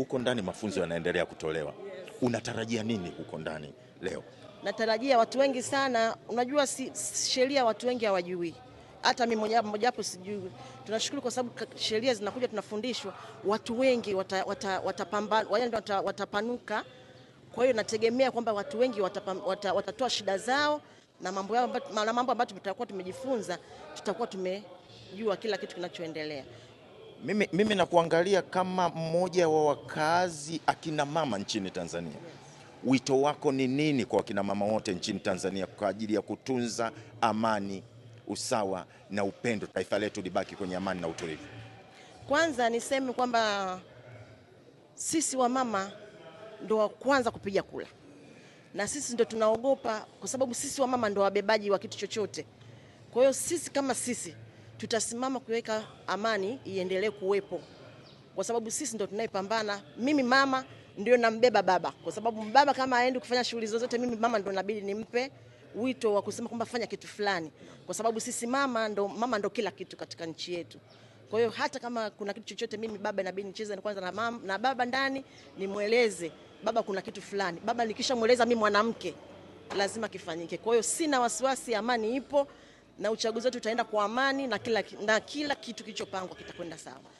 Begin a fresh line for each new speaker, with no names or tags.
huko ndani mafunzo yanaendelea kutolewa. Unatarajia nini huko ndani leo?
Natarajia watu wengi sana, unajua si, sheria watu wengi hawajui hata mimi mojawapo sijui. Tunashukuru kwa sababu sheria zinakuja, tunafundishwa, watu wengi watapambana, wata, wata watapanuka. Kwa hiyo nategemea kwamba watu wengi watatoa wata, wata shida zao na mambo yao na mambo ambayo tutakuwa tumejifunza, tutakuwa tumejua kila kitu kinachoendelea.
Mimi, mimi nakuangalia kama mmoja wa wakazi akina mama nchini Tanzania. Wito wako ni nini kwa akina mama wote nchini Tanzania kwa ajili ya kutunza amani, usawa na upendo, taifa letu libaki kwenye amani na utulivu?
Kwanza niseme kwamba sisi wamama ndo wa kwanza kupiga kula, na sisi ndo tunaogopa, kwa sababu sisi wamama ndo wabebaji wa kitu chochote. Kwa hiyo sisi kama sisi tutasimama kuweka amani iendelee kuwepo, kwa sababu sisi ndo tunayepambana. Mimi mama ndio nambeba baba, kwa sababu baba kama aende kufanya shughuli zozote, mimi mama ndo nabidi nimpe wito wa kusema kwamba fanya kitu fulani, kwa sababu sisi mama ndo, mama ndo kila kitu katika nchi yetu. Kwa hiyo hata kama kuna kitu chochote, mimi baba inabidi nicheze kwanza na, mama, na baba ndani nimweleze baba kuna kitu fulani. Baba nikishamweleza mimi mwanamke lazima kifanyike. Kwa hiyo sina wasiwasi, amani ipo na uchaguzi wetu utaenda kwa amani na kila, na kila kitu kilichopangwa kitakwenda sawa.